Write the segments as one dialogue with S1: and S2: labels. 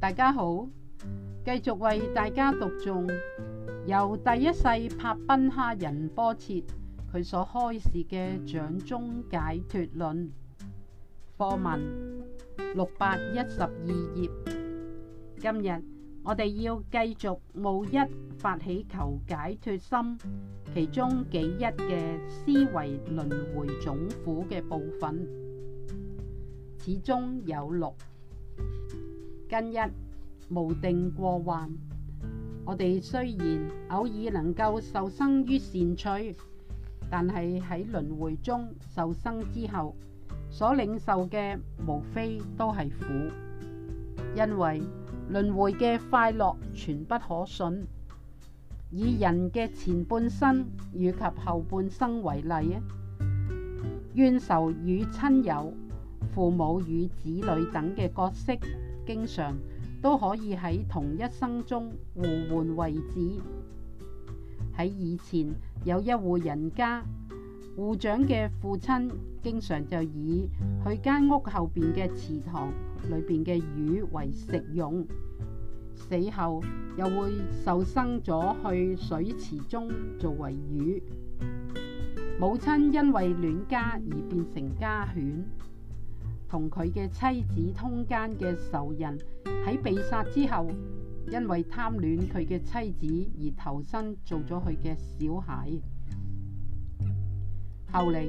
S1: 大家好，繼續為大家讀誦由第一世帕賓哈仁波切佢所開示嘅《掌中解脫論》課文六百一十二頁。今日我哋要繼續冇一發起求解脫心，其中幾一嘅思維輪回痛苦嘅部分，始終有六。今一無定過患，我哋雖然偶爾能夠受生於善趣，但係喺輪回中受生之後，所領受嘅無非都係苦，因為輪回嘅快樂全不可信。以人嘅前半生以及後半生為例啊，怨仇與親友、父母與子女等嘅角色，經常都可以喺同一生中互換位置。喺以前有一戶人家，戶長嘅父親經常就以去間屋後邊嘅池塘裏邊嘅魚為食用，死後又會受生咗去水池中做為魚。母親因為戀家而變成家犬。同佢嘅妻子通姦嘅仇人喺被殺之後，因為貪戀佢嘅妻子而投身做咗佢嘅小孩。後嚟，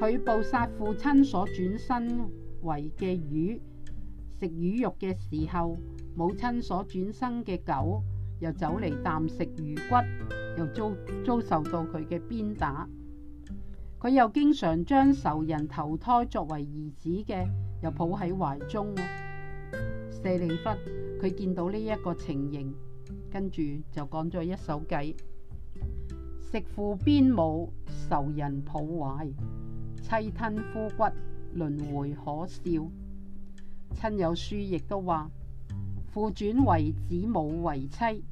S1: 佢捕殺父親所轉身為嘅魚，食魚肉嘅時候，母親所轉生嘅狗又走嚟啖食魚骨，又遭遭受到佢嘅鞭打。佢又經常將仇人投胎作為兒子嘅，又抱喺懷中咯。舍利弗佢見到呢一個情形，跟住就講咗一首偈：食父邊母，仇人抱懷，妻吞夫骨，輪迴可笑。親友書亦都話：父轉為子，母為妻，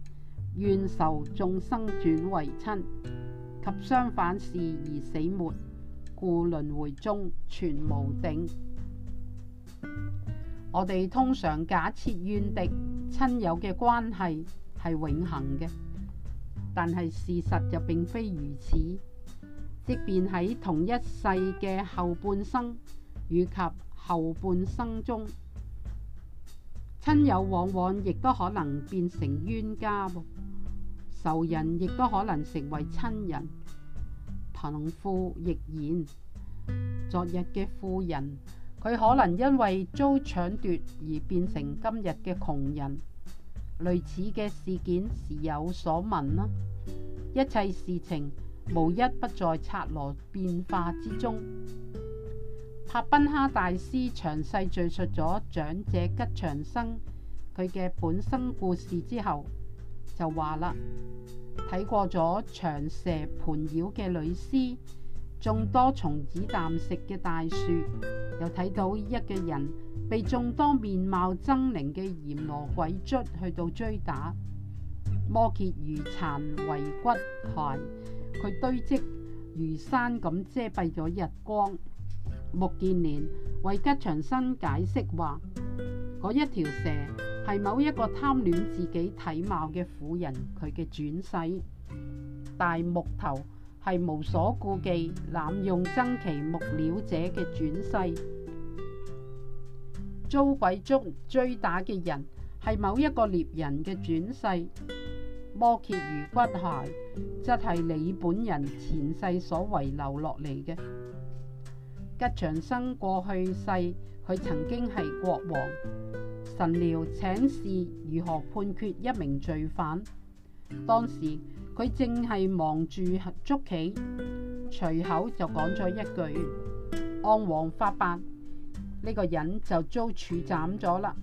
S1: 怨仇眾生轉為親。及相反事而死沒，故輪迴中全無定。我哋通常假設怨敵親友嘅關係係永恒嘅，但係事實就並非如此。即便喺同一世嘅後半生以及後半生中，親友往往亦都可能變成冤家。仇人亦都可能成為親人，貧富亦然。昨日嘅富人，佢可能因為遭搶奪而變成今日嘅窮人。類似嘅事件時有所聞啦。一切事情無一不在拆羅變化之中。帕賓哈大師詳細敘述咗長者吉祥生佢嘅本生故事之後，就話啦，睇過咗長蛇盤繞嘅女屍，眾多蟲子啖食嘅大樹，又睇到一個人被眾多面貌猙獰嘅閻羅鬼卒去到追打，摩羯如殘遺骨骸，佢堆積如山咁遮蔽咗日光。穆建年為吉長生解釋話：嗰一條蛇。係某一個貪戀自己體貌嘅婦人，佢嘅轉世；大木頭係無所顧忌濫用珍奇木料者嘅轉世；遭鬼捉追打嘅人係某一個獵人嘅轉世；摩羯如骨骸，則係你本人前世所遺留落嚟嘅；吉祥生過去世，佢曾經係國王。神僚請示如何判決一名罪犯，當時佢正係忙住捉棋，隨口就講咗一句：按王法辦，呢個人就遭處斬咗啦。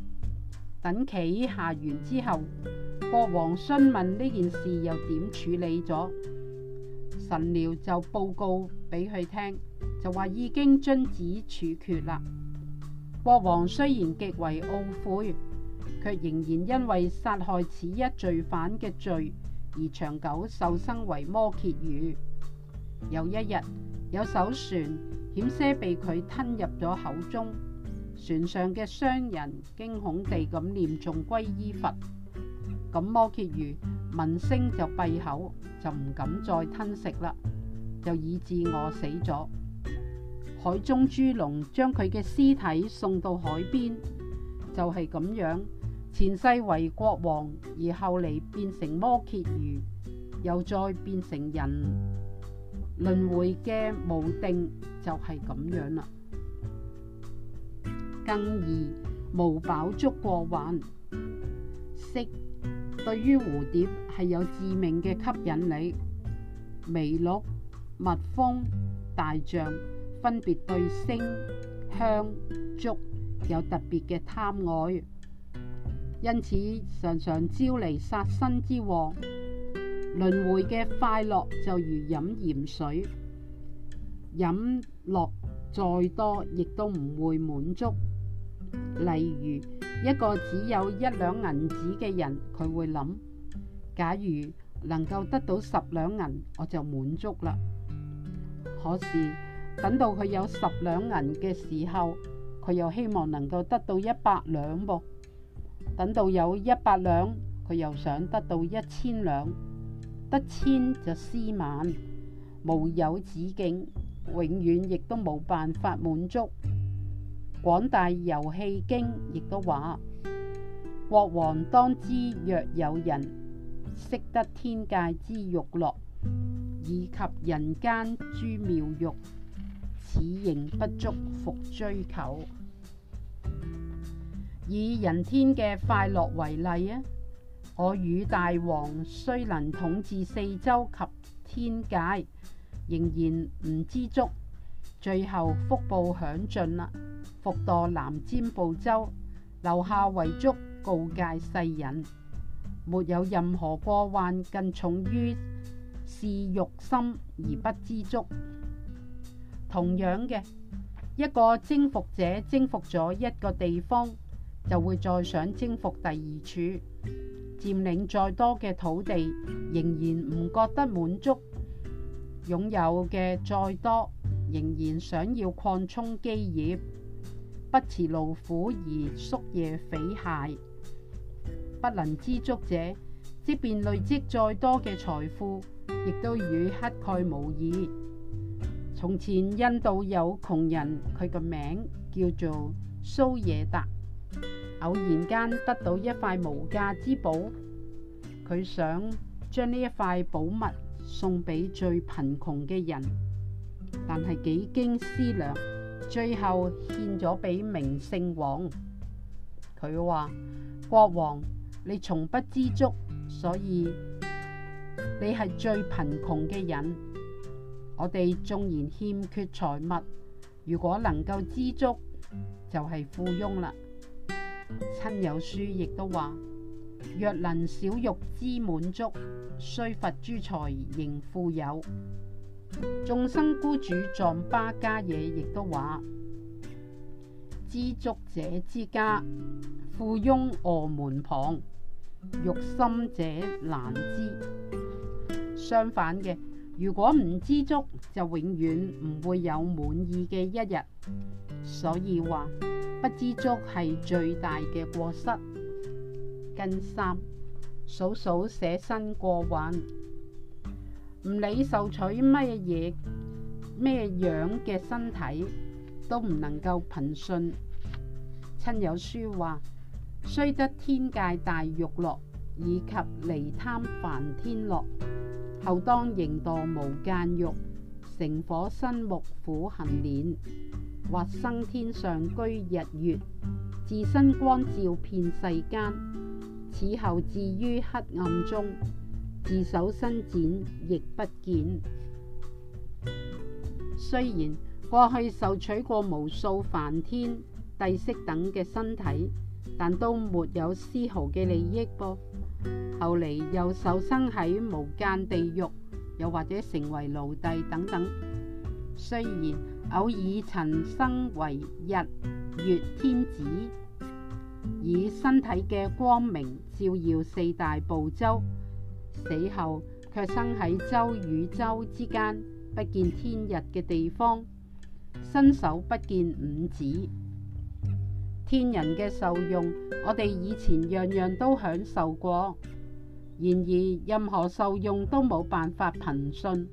S1: 等棋下完之後，國王詢問呢件事又點處理咗，神僚就報告俾佢聽，就話已經遵旨處決啦。國王雖然極為懊悔，卻仍然因為殺害此一罪犯嘅罪而長久受生為摩羯魚。有一日，有艘船險些被佢吞入咗口中，船上嘅商人驚恐地咁念誦皈依佛，咁摩羯魚聞聲就閉口，就唔敢再吞食啦，就以至餓死咗。海中豬龍將佢嘅屍體送到海邊，就係、是、咁樣。前世為國王，而後嚟變成魔羯魚，又再變成人，嗯、輪回嘅無定就係咁樣啦。更而無飽足過運色，對於蝴蝶係有致命嘅吸引力，微鹿、蜜蜂、大象。分別對聲、香、觸有特別嘅貪愛，因此常常招嚟殺身之禍。輪迴嘅快樂就如飲鹽水，飲落再多，亦都唔會滿足。例如一個只有一兩銀紙嘅人，佢會諗：假如能夠得到十兩銀，我就滿足啦。可是，等到佢有十兩銀嘅時候，佢又希望能夠得到一百兩噃、哦。等到有一百兩，佢又想得到一千兩，得千就思萬，無有止境，永遠亦都冇辦法滿足。廣大遊戲經亦都話：國王當知，若有人識得天界之欲樂，以及人間諸妙欲。」此仍不足，復追求。以人天嘅快樂為例啊，我與大王雖能統治四周及天界，仍然唔知足，最後福報享盡啦，復墮南瞻部洲，留下遺囑告誡世人：沒有任何過患更重於是欲心而不知足。同樣嘅一個征服者征服咗一個地方，就會再想征服第二處，佔領再多嘅土地，仍然唔覺得滿足。擁有嘅再多，仍然想要擴充基業，不辭勞苦而夙夜匪懈。不能知足者，即便累積再多嘅財富，亦都與乞丐無異。從前印度有窮人，佢個名叫做蘇耶達，偶然間得到一塊無價之寶，佢想將呢一塊寶物送俾最貧窮嘅人，但係幾經思量，最後獻咗俾明聖王。佢話：國王，你從不知足，所以你係最貧窮嘅人。我哋縱然欠缺財物，如果能夠知足，就係、是、富翁啦。親友書亦都話：若能少欲知滿足，雖乏諸財仍富有。眾生孤主藏巴家嘢亦都話：知足者之家，富翁臥門旁；欲心者難知。相反嘅。如果唔知足，就永遠唔會有滿意嘅一日。所以話，不知足係最大嘅過失。庚三數數捨身過患，唔理受取乜嘢咩樣嘅身體，都唔能夠憑信。親友書話：雖得天界大欲樂，以及離貪梵天樂。後當形墮無間獄，成火身木苦行念，或生天上居日月，自身光照遍世間。此後置於黑暗中，自手伸展亦不見。雖然過去受取過無數梵天、帝釋等嘅身體，但都沒有絲毫嘅利益噃。後嚟又受生喺無間地獄，又或者成為奴隸等等。雖然偶爾曾生為日月天子，以身體嘅光明照耀四大部洲，死後卻生喺洲與洲之間，不見天日嘅地方，伸手不見五指。天人嘅受用，我哋以前樣樣都享受過。然而，任何受用都冇辦法憑信。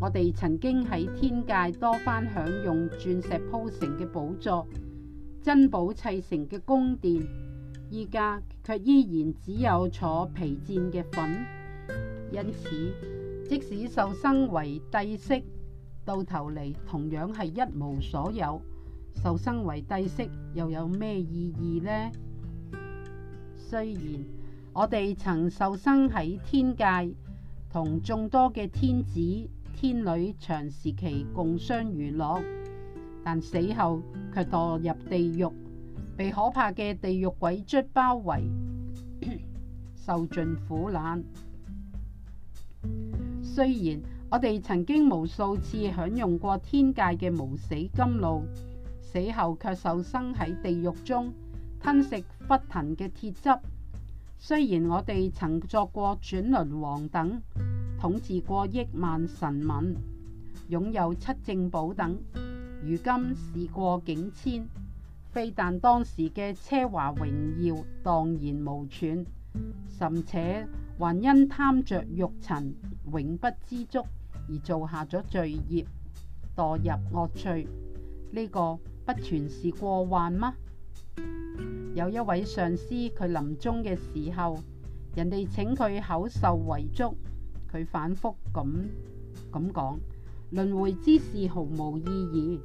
S1: 我哋曾經喺天界多番享用鑽石鋪成嘅寶座、珍寶砌成嘅宮殿，依家卻依然只有坐皮氈嘅份。因此，即使受生為帝釋，到頭嚟同樣係一無所有。受生為帝釋又有咩意義呢？雖然我哋曾受生喺天界，同眾多嘅天子天女長時期共相娛樂，但死後却墮入地獄，被可怕嘅地獄鬼卒包圍， 受盡苦難。雖然我哋曾經無數次享用過天界嘅無死甘露。死後卻受生喺地獄中，吞食屈騰嘅鐵汁。雖然我哋曾作過轉輪王等，統治過億萬神民，擁有七正寶等，如今事過境遷，非但當時嘅奢華榮耀蕩然無存，甚且還因貪着欲塵永不知足而做下咗罪業，墮入惡趣。呢、這個。不全是過患嗎？有一位上司，佢臨終嘅時候，人哋請佢口授遺囑，佢反復咁咁講，輪回之事毫無意義。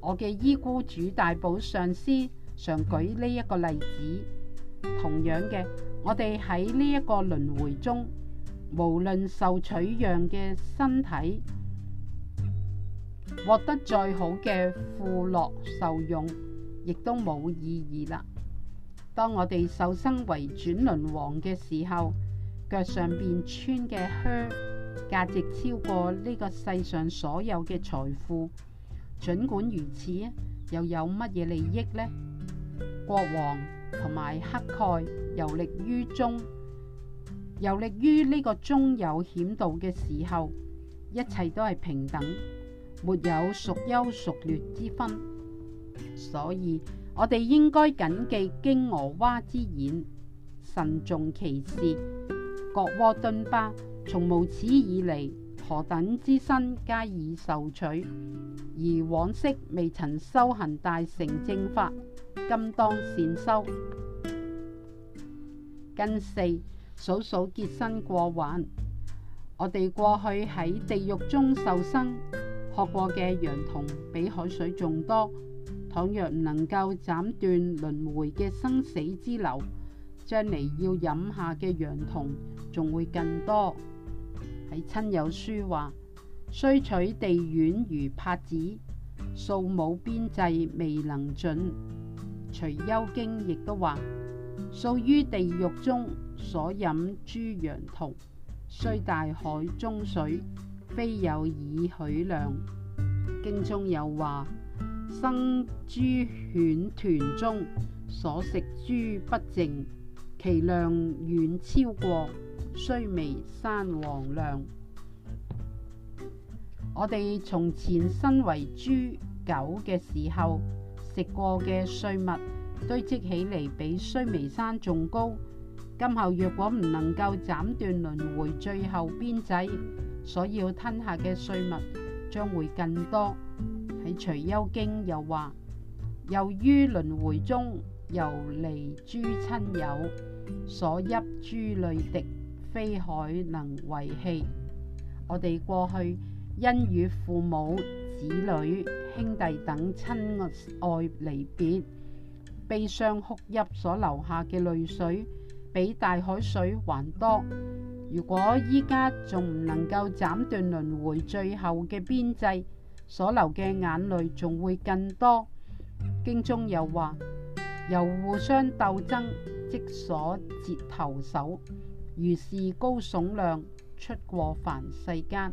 S1: 我嘅依姑主大寶上司常舉呢一個例子，同樣嘅，我哋喺呢一個輪回中，無論受取樣嘅身體。獲得再好嘅富樂受用，亦都冇意義啦。當我哋受生為轉輪王嘅時候，腳上邊穿嘅靴價值超過呢個世上所有嘅財富。盡管如此，又有乜嘢利益呢？國王同埋乞丐遊歷於中，遊歷於呢個中有險道嘅時候，一切都係平等。沒有孰優孰劣之分，所以我哋應該謹記經俄蛙之言，慎重其事。國窩頓巴從無始以嚟，何等之身皆已受取，而往昔未曾修行大乘正法，今當善修。跟四數數結身過患，我哋過去喺地獄中受生。喝過嘅羊童比海水仲多，倘若唔能夠斬斷輪迴嘅生死之流，將嚟要飲下嘅羊童仲會更多。喺親友書話，雖取地軟如柏子，數母邊際未能盡。除幽經亦都話，數於地獄中所飲豬羊童，雖大海中水，非有以許量，經中有話：生豬犬豚中所食豬不淨，其量遠超過須彌山王量。我哋從前身為豬狗嘅時候，食過嘅碎物堆積起嚟，比須彌山仲高。今後若果唔能夠斬斷輪迴最後邊際，所要吞下嘅碎物將會更多。喺《除憂經》又話：由於輪迴中由離諸親友所泣諸淚滴，非海能為器。我哋過去因與父母、子女、兄弟等親愛離別，悲傷哭泣所留下嘅淚水，比大海水還多。如果依家仲唔能夠斬斷輪回最後嘅邊際，所流嘅眼淚仲會更多。經中又話：由互相鬥爭，即所截頭手，如是高聳亮，出過凡世間。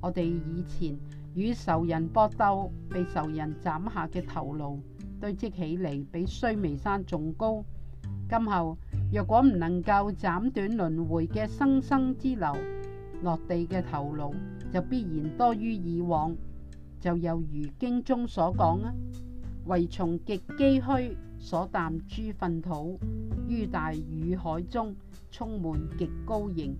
S1: 我哋以前與仇人搏鬥，被仇人斬下嘅頭顱，堆積起嚟比須彌山仲高。今後若果唔能夠斬斷輪迴嘅生生之流，落地嘅頭顱就必然多於以往。就猶如經中所講啊，為蟲極飢虛，所啖諸糞土，於大宇海中充滿極高盈。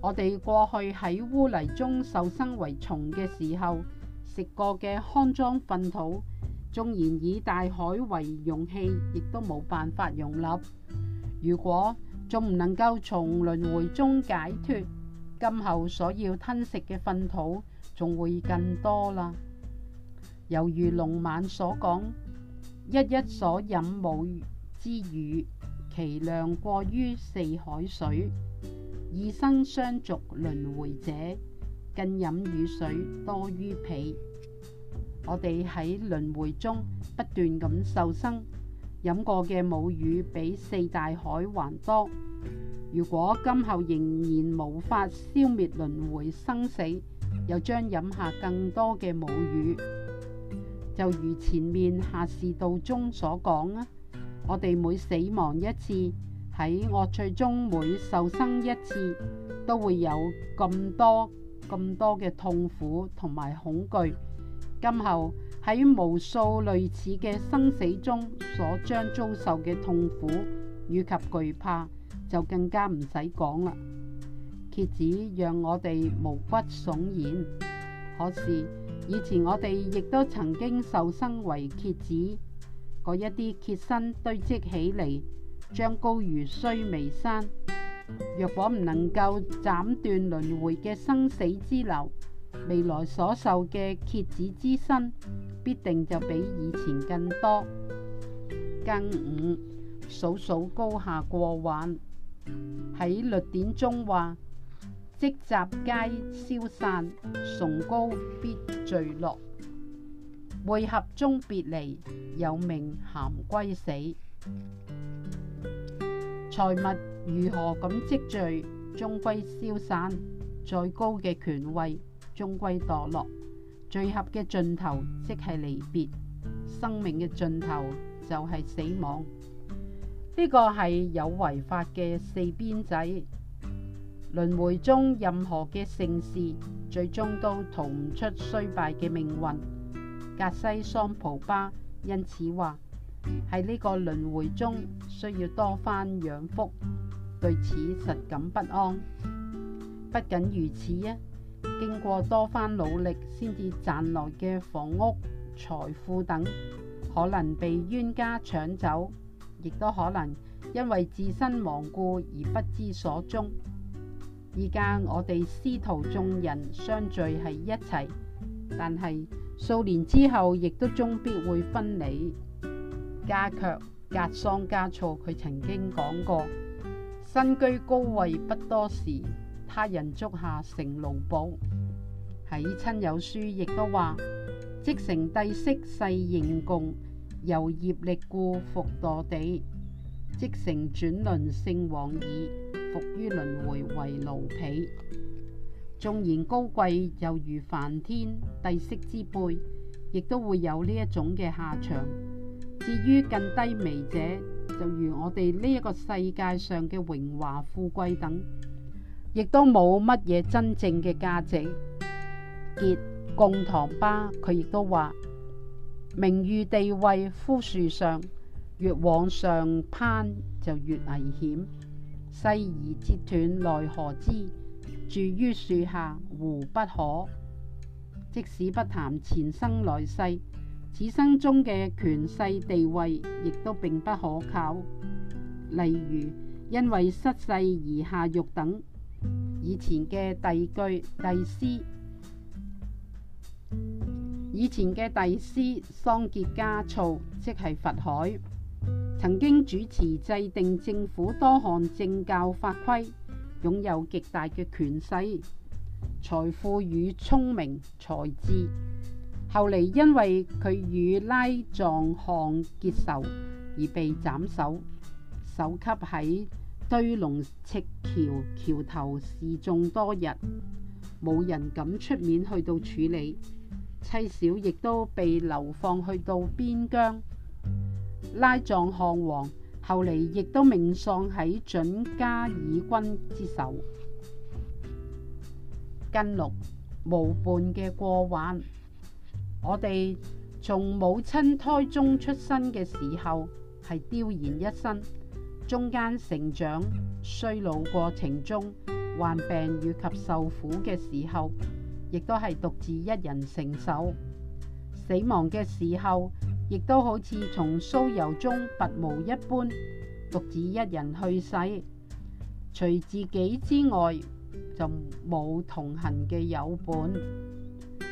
S1: 我哋過去喺污泥中受生為蟲嘅時候，食過嘅骯髒糞土。縱然以大海為容器，亦都冇辦法容納。如果仲唔能夠從輪迴中解脫，今後所要吞食嘅糞土，仲會更多啦。猶如龍猛所講：一一所飲母之乳，其量過於四海水；以生相續輪迴者，更飲乳水多於彼。我哋喺輪回中不斷咁受生，飲過嘅母乳比四大海還多。如果今後仍然無法消滅輪回生死，又將飲下更多嘅母乳。就如前面下士道中所講啊，我哋每死亡一次，喺惡趣中每受生一次，都會有咁多咁多嘅痛苦同埋恐懼。今後喺無數類似嘅生死中所將遭受嘅痛苦以及懼怕就更加唔使講啦。蠍子讓我哋毛骨悚然，可是以前我哋亦都曾經受生為蠍子，嗰一啲蠍身堆積起嚟，將高如須彌山。若果唔能夠斬斷輪回嘅生死之流，未來所受嘅羯子之身，必定就比以前更多。更五數數高下過患，喺律典中話積集皆消散，崇高必墜落。會合終別離，有命咸歸死。財物如何咁積聚，終歸消散；再高嘅權威，終歸墮落，聚合嘅盡頭即係離別，生命嘅盡頭就係死亡。呢、這個係有違法嘅四邊仔，輪回中任何嘅盛事最終都逃唔出衰敗嘅命運。格西桑普巴因此話喺呢個輪回中需要多番養福，對此實感不安。不僅如此啊！經過多番努力先至賺來嘅房屋、財富等，可能被冤家搶走，亦都可能因為自身亡故而不知所蹤。依家我哋師徒眾人相聚喺一齊，但係數年之後亦都終必會分離。加卻格桑加措佢曾經講過：身居高位不多時。他人足下成奴僕，喺親友書亦都話：即成帝釋世應供，由業力故復墮地；即成轉輪聖王已，復於輪回為奴婢。縱然高貴，又如梵天帝釋之輩，亦都會有呢一種嘅下場。至於更低微者，就如我哋呢一個世界上嘅榮華富貴等。亦都冇乜嘢真正嘅價值。結共堂巴，佢亦都話：名譽地位枯樹上，越往上攀就越危險，勢而折斷，奈何之？住於樹下，胡不可。即使不談前生來世，此生中嘅權勢地位，亦都並不可靠。例如因為失勢而下獄等。以前嘅帝句帝師，以前嘅帝師桑杰加措即係佛海，曾經主持制定政府多項政教法規，擁有極大嘅權勢、財富與聰明才智。後嚟因為佢與拉藏汗結仇而被斬首，首級喺。堆龍赤橋橋頭示眾多日，冇人敢出面去到處理，妻小亦都被流放去到邊疆。拉藏汗王後嚟亦都命喪喺準噶爾軍之手。跟六無伴嘅過患，我哋從母親胎中出生嘅時候係孑然一身。中間成長、衰老過程中患病，以及受苦嘅時候，亦都係獨自一人承受；死亡嘅時候，亦都好似從酥油中拔毛一般，獨自一人去世。除自己之外就冇同行嘅友伴。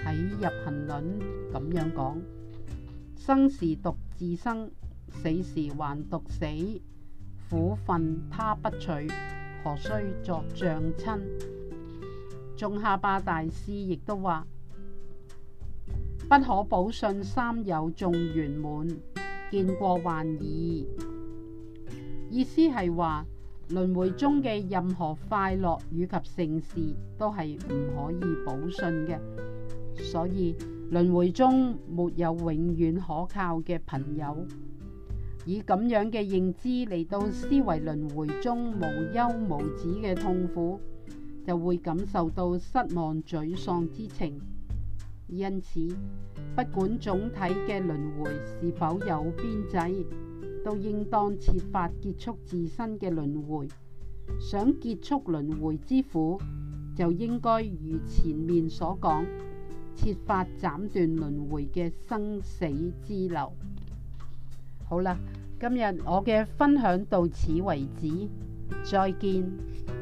S1: 喺《入行論》咁樣講：生時獨自生，死時還獨死。苦訓他不取，何須作像親？仲下巴大師亦都話：不可保信三有眾圓滿，見過患耳。意思係話，輪回中嘅任何快樂以及盛事都係唔可以保信嘅，所以輪回中沒有永遠可靠嘅朋友。以咁樣嘅認知嚟到思維輪回中無休無止嘅痛苦，就會感受到失望沮喪之情。因此，不管總體嘅輪回是否有邊際，都應當設法結束自身嘅輪回。想結束輪回之苦，就應該如前面所講，設法斬斷輪回嘅生死之流。好啦，今日我嘅分享到此為止，再見。